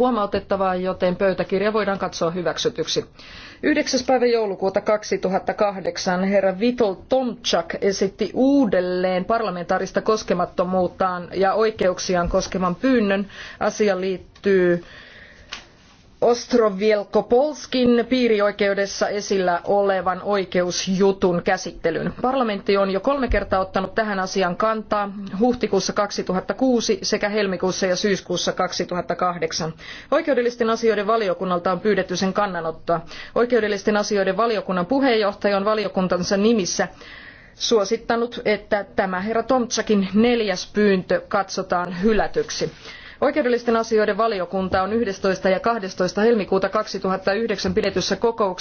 huomautettavaa, joten pöytäkirja voidaan katsoa hyväksytyksi. 9. päivä joulukuuta 2008 herra Vitol Tomczak esitti uudelleen parlamentaarista koskemattomuuttaan ja oikeuksiaan koskevan pyynnön. Asia liittyy Ostrovielkopolskin piirioikeudessa esillä olevan oikeusjutun käsittelyn. Parlamentti on jo kolme kertaa ottanut tähän asiaan kantaa huhtikuussa 2006 sekä helmikuussa ja syyskuussa 2008. Oikeudellisten asioiden valiokunnalta on pyydetty sen kannanottoa. Oikeudellisten asioiden valiokunnan puheenjohtaja on valiokuntansa nimissä suosittanut, että tämä herra Tomtsakin neljäs pyyntö katsotaan hylätyksi. Oikeudellisten asioiden valiokunta on 11. ja 12. helmikuuta 2009 pidetyssä kokouksessa